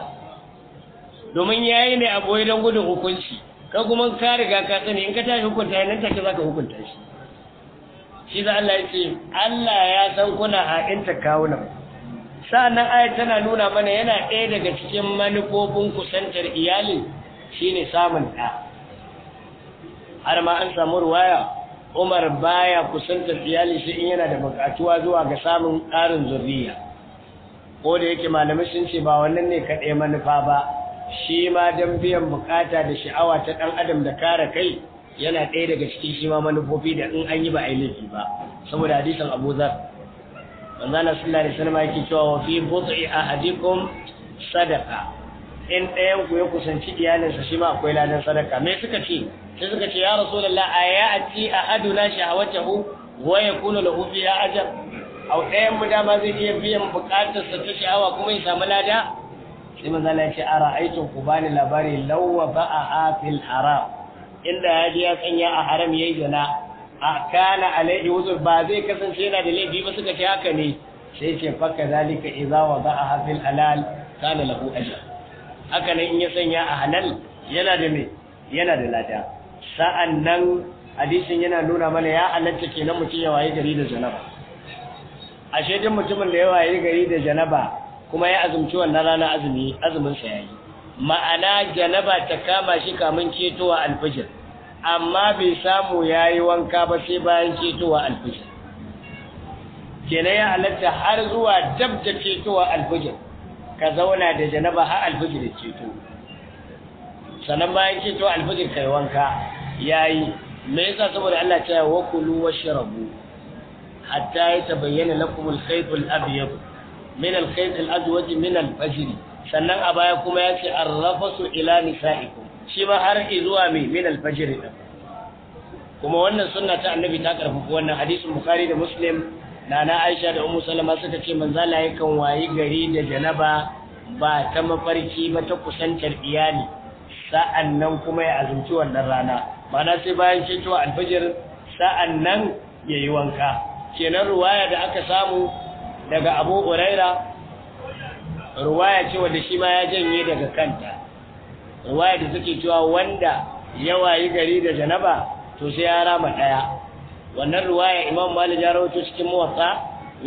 domin yayi ne a boye don gudun hukunci ka kuma ka riga ka sani in ka tashi hukunta nan take zaka hukunta shi shi za Allah ya ce Allah ya san kuna a inta kawuna. sannan ayat tana nuna mana yana ɗaya daga cikin manufofin kusantar iyali shine samun ɗa har ma an samu ruwaya Umar baya kusantar iyali sai in yana da bukatuwa zuwa ga samun ƙarin zurriya ko da yake malamai sun ce ba wannan ne kaɗai manufa ba shi ma don biyan bukata da sha'awa ta ɗan adam da kare kai yana ɗaya daga cikin shi ma manufofi da in an yi ba a yi laifi ba saboda hadisin Abu Zar na Allah da alaihi ma yake cewa wa fi a ahadikum sadaka in ɗayan ku ya kusanci iyalinsa shi ma akwai ladan sadaka me suka ce sai suka ce ya rasu rasulullah a ahaduna shahawatahu wa da hufi ya ajar a ɗayan mu dama zai iya biyan buƙatar sa ta sha'awa kuma ya samu lada sai manzo Allah ya ce ara'aytum ku bani labari lawa ba a fil haram inda ya je ya sanya a haram yayi zina a kana alaihi wuzur ba zai kasance yana da laifi ba suka ce haka ne sai ce fakka zalika idza wada'aha fil halal kana lahu ajr haka ne in ya sanya a halal yana da me yana da lada sa'an nan hadisin yana nuna mana ya halatta kenan mutum ya waye gari da janaba ashe din mutumin da ya waye gari da janaba kuma ya azumci wannan rana azumi azumin sa yayi ma'ana janaba ta kama shi kamun ketowa alfijir amma bai samu ya yi wanka ba sai bayan ketowa alfijir kenan ya halatta har zuwa dab da ketowa alfijir ka zauna da janaba har alfijir keto sannan bayan ketowa alfijir kai wanka yayi me yasa saboda Allah ta yi wakulu washrabu hatta ya tabayyana lakumul khaytul abyad min al-khayt al-aswad min al-fajr sannan a baya kuma ya ce su ila nisa'ikum shi ma har zuwa mai min alfajiri da kuma wannan sunna ta annabi ta ko wannan hadisin bukhari da muslim nana aisha da ummu salama suka ce manzala yakan wayi gari da janaba ba ta mafarki ba ta kusantar iyali sa'an nan kuma ya azumci wannan rana Bana sai bayan cewa alfajir sa'an nan ya yi wanka kenan ruwaya da aka samu daga abu uraira ruwaya ce wanda shi ma ya janye daga kanta ruwaya da suke cewa wanda ya wayi gari da janaba to sai ya rama daya wannan ruwaya imam malik ya rawaito cikin muwatta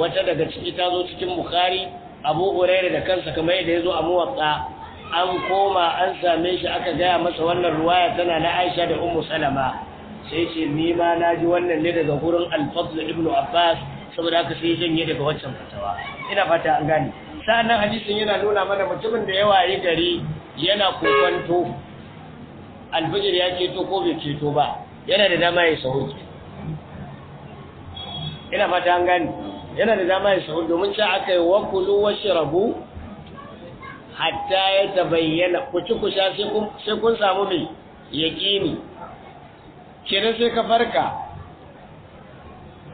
wata daga ciki ta zo cikin bukhari abu uraira da kansa kamar yadda ya zo a muwatta an koma an same shi aka gaya masa wannan ruwaya tana na aisha da ummu salama sai ce ni ma na ji wannan ne daga gurin al-fadl ibn abbas saboda haka sai janye daga waccan fatawa ina fata an gane sanan hadisin yana nuna mana mutumin da ya waye gari yana kokonto alfijir ya ceto ko bai ceto ba yana da dama ya sahu ina fata an gani yana da dama ya sahu domin sai aka yi wa kulu wa shirabu hatta ya tabayyana ku ci ku sha sai kun samu mai yaqini kenan sai ka farka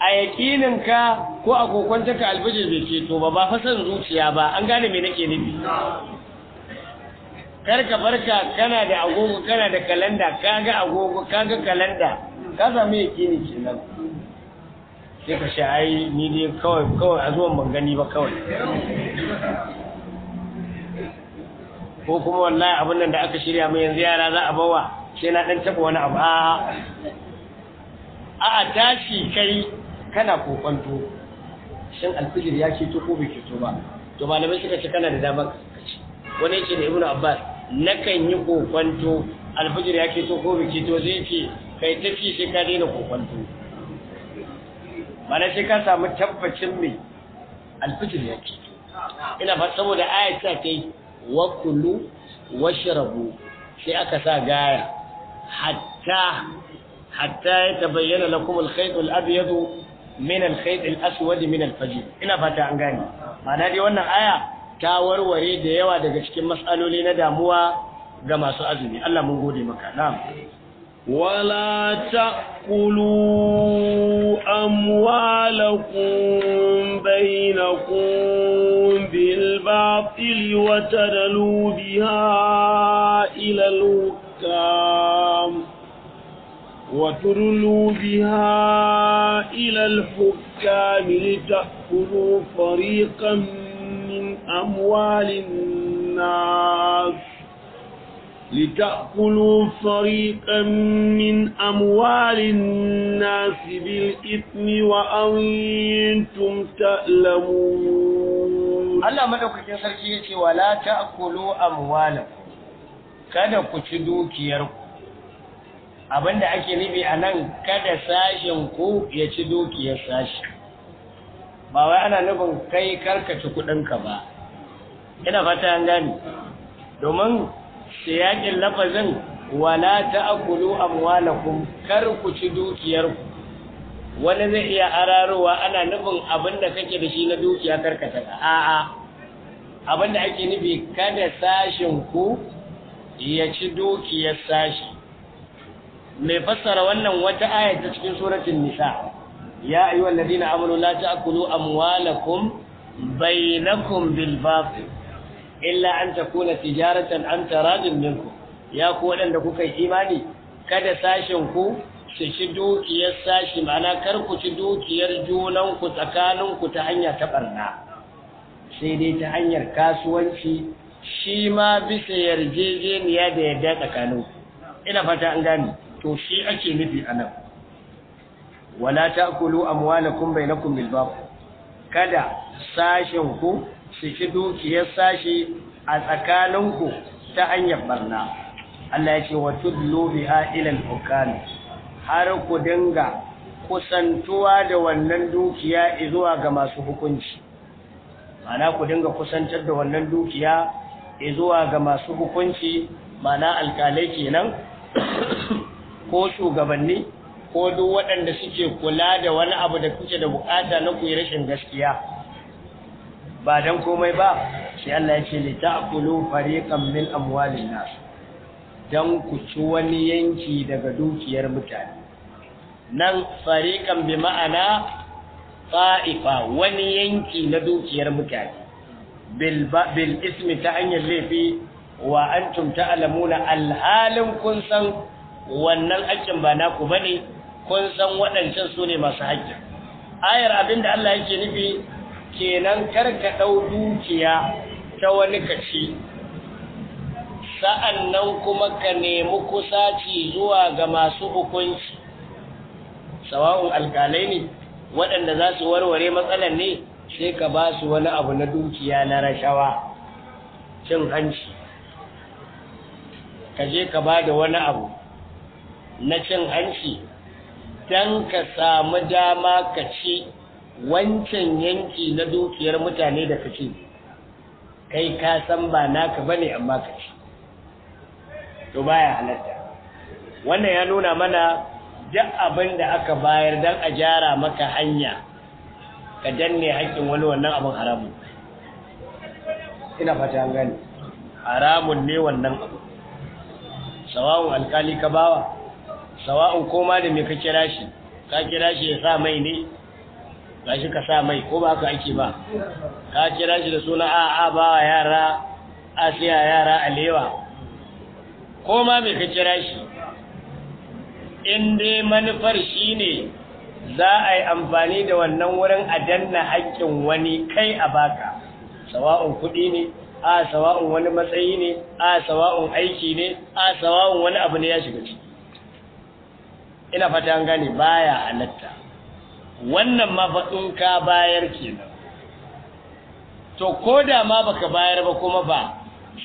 a yakinin ka ko a kokonta ka alfijir bai ceto ba ba fasan zuciya ba an gane me nake nufi kar ka barka kana da agogo kana da kalanda kaga agogo kaga kalanda ka samu yakini kenan sai ka sha ai ni dai kawai kawai a zuwan ban gani ba kawai ko kuma wallahi abin nan da aka shirya mai yanzu yara za a bawa sai na dan taba wani abu a a tashi kai kana kokonto shin alfijir ya to ko bai to ba to malamai suka ce kana da damar ka ci wani yake da ibnu abbas nakan yi kokonto alfijir ya to ko bai to zai ce kai tafi sai ka daina kokonto mana sai ka samu tabbacin mai alfijir ya ce ina ba saboda ayat ta kai wa kulu washrabu sai aka sa gaya hatta hatta ya tabayyana lakum al-khayt al-abyad min al-khayt al-aswad min al-fajr ina fata an gane ma'ana dai wannan aya ta warware da yawa daga cikin matsaloli na damuwa ga masu azumi Allah mun gode maka na'am ولا تأكلوا أموالكم بينكم بالباطل وتدلوا بها إلى الوكام وترلوا بها إلى الحكام لتأكلوا فريقا من أموال الناس لتأكلوا فريقا من أموال الناس بالإثم وأنتم تألمون الله مدوكتين سركية ولا تأكلوا أموالكم كذا ku ci abinda ake nufi a nan kada sashen ku ya ci dukiyar sashi ba wai ana nufin kai karkaci kuɗinka ba ina fata an gani domin siyakin lafazin wala ta'kulu amwalakum kar ku ci dukiyarku wani zai iya ararowa ana nufin abinda kake da shi na dukiya karkata a'a abin da ake nufi kada sashen ku ya ci dukiyar sashi mai fassara wannan wata aya ta cikin suratul nisa ya ayyuhal ladina amanu la ta'kulu amwalakum bainakum bil batil illa an takuna tijaratan an taradin minkum ya ku wadanda kuka yi imani kada sashin ku su ci dukiyar sashi ma'ana kar ku ci dukiyar junan ku tsakanin ku ta hanya ta barna sai dai ta hanyar kasuwanci shi ma bisa yarjejeniya da yadda tsakanin ina fata an gani to shi ake nufi a nan wala ta'kulu amwalakum bainakum bil batil kada sashen ku su ci dukiyar sashi a tsakaninku ta hanyar barna Allah ya ce wa tudlu bi ila al har ku dinga kusantuwa da wannan dukiya zuwa ga masu hukunci mana ku dinga kusantar da wannan dukiya zuwa ga masu hukunci mana alkalai kenan ko shugabanni ko duk waɗanda suke kula da wani abu da kuke da bukata na ku rashin gaskiya ba dan komai ba shi Allah ya ce li ta'kulu fariqan min amwalin nas dan ku ci wani yanki daga dukiyar mutane nan fariqan bi ma'ana fa'ifa wani yanki na dukiyar mutane bil bil ismi ta hanyar laifi wa antum ta'lamuna halin kun san wannan haƙƙin ba naku bane kun san waɗancan su ne masu haƙƙi. ayar abinda Allah yake nufi kenan karka ɗau dukiya ta wani kashi sa'annan kuma ka nemi kusaci zuwa ga masu hukunci sawa'un alƙalai ne waɗanda za su warware matsalar ne sai ka ba su wani abu na dukiya na rashawa cin hanci ka je ka ba da wani abu na cin hanci don ka samu dama ka ci wancan yanki na dukiyar mutane da kake kai ka san ba naka bane amma ka ci to baya halatta wannan ya nuna mana duk abin da aka bayar don a gyara maka hanya ka danne haƙƙin wani wannan abin haramun ina fata gani haramun ne wannan abu sawawun alkali ka bawa sawa'un koma da me ka kira shi ka kira shi ya sa mai ne ga shi ka sa mai ko ba ka ake ba ka kira shi da suna a'a ba yara asiya yara alewa koma me ka kira shi in dai manufar shi ne za a yi amfani da wannan wurin a danna haƙƙin wani kai a baka sawa'un kuɗi ne a sawa'un wani matsayi ne a sawa'un aiki ne a sawa'un wani abu ne ya shiga ciki ina fata an gane baya halatta wannan ma fa in ka bayar kenan to ko da ma baka bayar ba kuma ba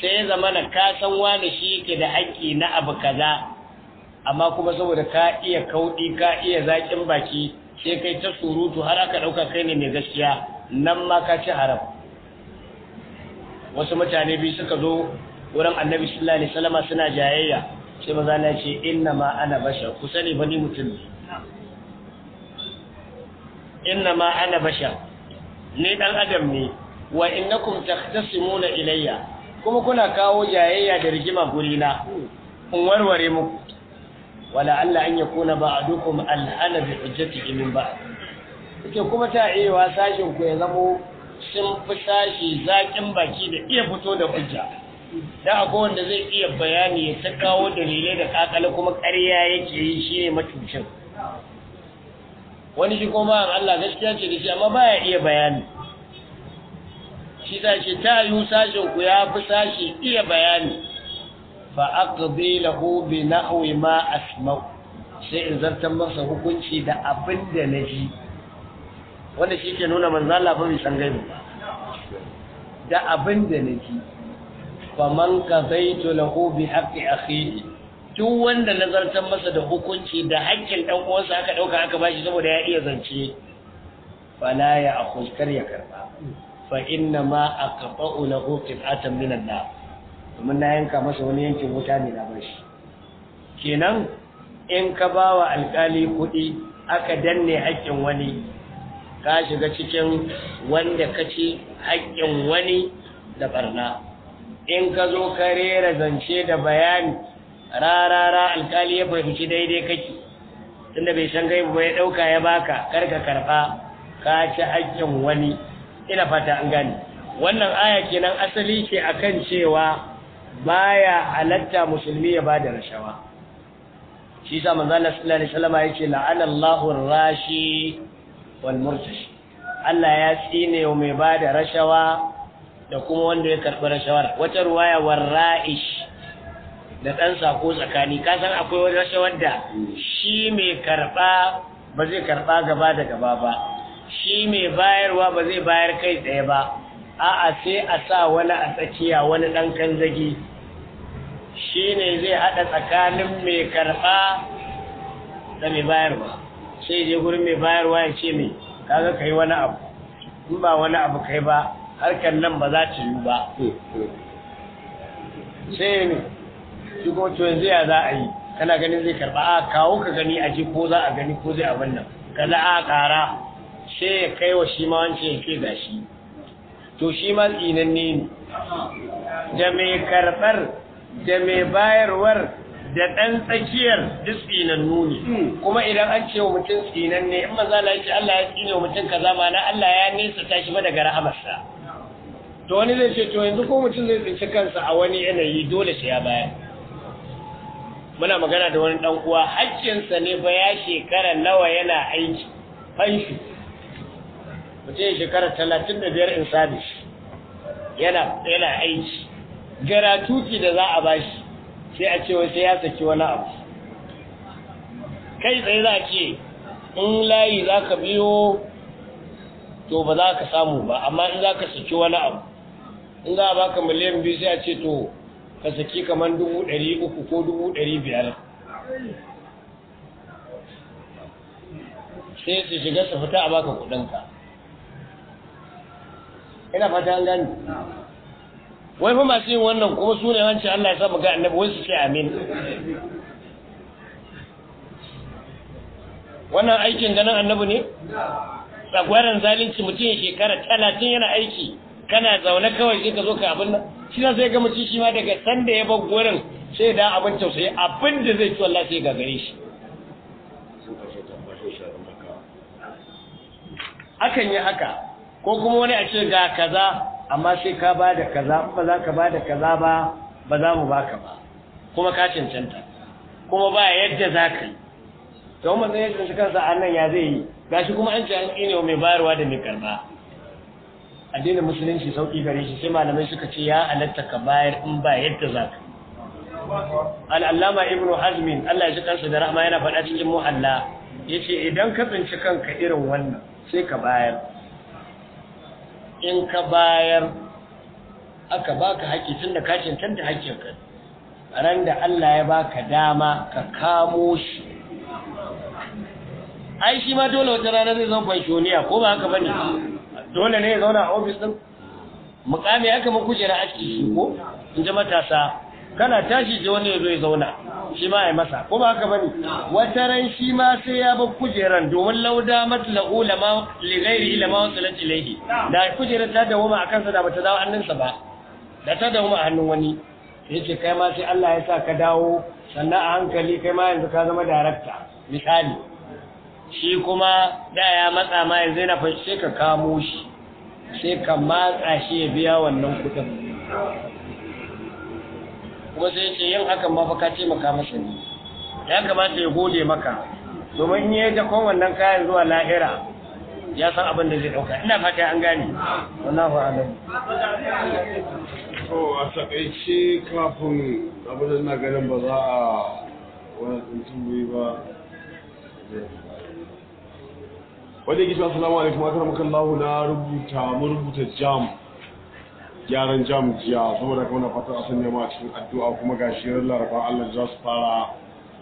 sai ya zama na ka san wani shi yake da haƙƙi na abu kaza amma kuma saboda ka iya kauɗi ka iya zaƙin baki sai kai ta surutu har aka ɗauka kai ne mai gaskiya nan ma ka ci haram wasu mutane biyu suka zo wurin annabi sallallahu alaihi wasallam suna jayayya sai maza na ce inna ma ana bashar ku sani ba ni mutum ne inna ma ana bashar ni dan adam ne wa innakum taqtasimuna ilayya kuma kuna kawo jayayya da rigima gurina in warware muku wala Allah an yakuna ba'dukum al'ana bi hujjatihi min ba'd kike kuma ta iya wa sashin ku ya zamo sun fi sashi zakin baki da iya fito da hujja da akwai wanda zai iya bayani ya ta kawo dalilai da kakali kuma ƙarya yake yi shi ne matucin wani shi kuma Allah gaskiya ce da shi amma ba ya iya bayani shi ta ce ta yi sashen ku ya fi sashi iya bayani fa aqdi lahu bi nahwi ma a asma'u sai in zartar masa hukunci da abin da na ji wanda shi ke nuna manzala ba mai san ba da abin da na ji faman zaitu lahu bi haqqi akhihi duk wanda nazartar masa da hukunci da haƙƙin dan uwansa aka ɗauka aka bashi saboda ya iya zance fala ya akhuz kar ya karba fa inna ma aqta'u lahu qit'atan min an-nar domin na yanka masa wani yankin wuta ne na bashi kenan in ka bawa alkali kuɗi aka danne haƙƙin wani ka shiga cikin wanda ka ci haƙƙin wani da barna in ka zo ka rera zance da bayani rarara alkali ya fahimci daidai kake tunda bai san gaibu ba ya ɗauka ya baka karka karba ka ci hakkin wani ina fata an gane wannan aya kenan asali ce akan cewa baya halatta musulmi ya bada rashawa shi sa manzo Allah sallallahu alaihi wasallam yace la'ana Allahu rashi wal murtashi Allah ya tsine mai bada rashawa da kuma wanda ya karɓi rashawar wata ruwaya Ra'ish, da ɗan sako tsakani ka san akwai wani rashawar da shi mai karɓa ba zai karɓa gaba da gaba ba shi mai bayarwa ba zai bayar kai tsaye ba a'a sai a sa wani a tsakiya wani ɗan kanzagi shi ne zai haɗa tsakanin mai karɓa da mai bayarwa sai je gurin mai bayarwa ya ce mai kaga kai wani abu in ba wani abu kai ba harkar nan ba za ta yi ba hmm. sai ne shi kuma to yanzu ya za a yi kana ganin zai karba a kawo ka gani a ji ko za a gani ko zai abin nan Ka za, a kara sai ya kai wa shi ma wancan ya ke shi. to shi ma tsinan ne da mai karɓar da mai bayarwar da ɗan tsakiyar duk tsinan ne hmm. kuma idan an ce wa mutum ne, in maza na yake Allah ya tsine wa mutum kaza ma na Allah ya nesa tashi ba daga rahamarsa to wani zai ce to yanzu ko mutum zai tsinci kansa a wani yanayi dole sai ya bayar muna magana da wani dan uwa haƙƙinsa ne ba ya shekara nawa yana aiki fanshi mutum shekara talatin da biyar in sabi yana yana aiki tuki da za a bashi sai a ce wai sai ya saki wani abu kai tsaye za a ce in layi za ka biyo to ba za ka samu ba amma in za ka saki wani abu in za a baka miliyan biyu sai a ce to ka saki kamar dubu ɗari uku ko dubu ɗari biyar sai su shiga su fita a baka kuɗinka ina fata an gani wai fa masu yin wannan kuma su ne wancan Allah ya saba ga annabi wai su ce amin wannan aikin ganin annabi ne tsagwaran zalunci mutum ya shekara talatin yana aiki kana zaune kawai sai ka zo ka abin nan shi na sai gama cikin ma daga sanda ya bar gurin sai da abin tausayi abin da zai ci wallahi sai ga gare shi akan yi haka ko kuma wani a ce ga kaza amma sai ka ba da kaza ba za ka ba da kaza ba ba za mu ba ka ba kuma ka cancanta kuma ba yadda za ka yi to mun zai shi kansa annan ya zai yi gashi kuma an ce an ine mai bayarwa da mai karba addinin musulunci sauki gare shi sai malamai suka ce ya halatta ka bayar in ba yadda za ka al'allama ibnu hazmin Allah ya ji kansa da rahama yana faɗa cikin muhalla ya ce idan ka tsinci kanka irin wannan sai ka bayar in ka bayar aka baka haƙƙi tun da ka cancanta haƙƙinka ran da Allah ya baka dama ka kamo shi ai shi ma dole wata rana zai zama zan fanshoniya ko ba haka bane dole ne ya zauna a ofis din mukami aka mu kujera ake shi ko in ji matasa kana tashi ji wani ya zo ya zauna shi ma ya masa ko ba haka bane wata ran shi ma sai ya bar kujeran domin lauda matla ulama li ghairi ilama wa salat ilayhi da kujerar ta da wuma akan sa da bata dawo hannunsa ba da ta dawo wuma hannun wani yace kai ma sai Allah ya sa ka dawo sannan a hankali kai ma yanzu ka zama darakta misali shi kuma da ya matsa ma yanzu yana sai ka kamo shi sai ka matsa shi ya biya wannan kudin kuma sai ce yin hakan ma fa ka maka masa ne ya kamata ya gode maka domin in ya jakon wannan kayan zuwa lahira ya san abin da zai dauka ina fata an gane wallahu alam to a takaice kafin abin da na ganin ba za a wani tuntubi ba wanda ya cewa asalamu alaikum wa karamuka na rubuta mu rubuta jam gyaran jam jiya saboda kuma na fata a yamma a cikin addu'a kuma ga shirar laraba Allah za su fara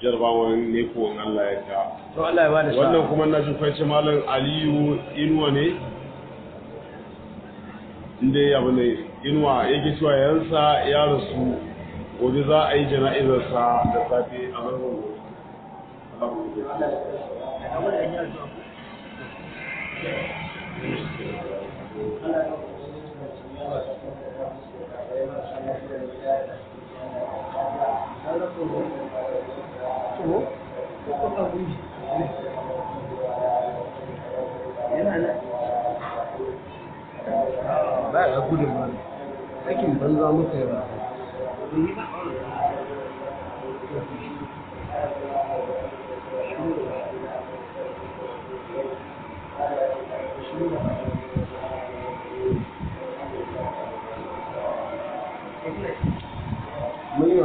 jarabawar nekowar ko Allah ya ta wannan kuma na jin ce malam Aliyu Inuwa ne inda ya bane Inuwa ke cewa yansa ya rasu gobe za a yi jana'izarsa da safe a garin Allah banza muka na ba. Kala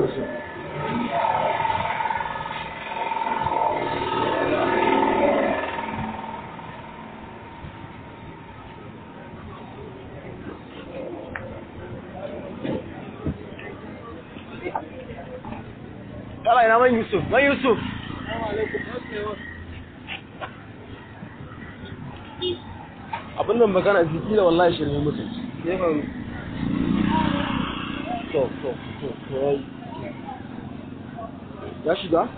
ina man Yusuf, man Yusuf. Abin nan magana jiki da wallahi shirin mutum. 走走走，可以。要去吗？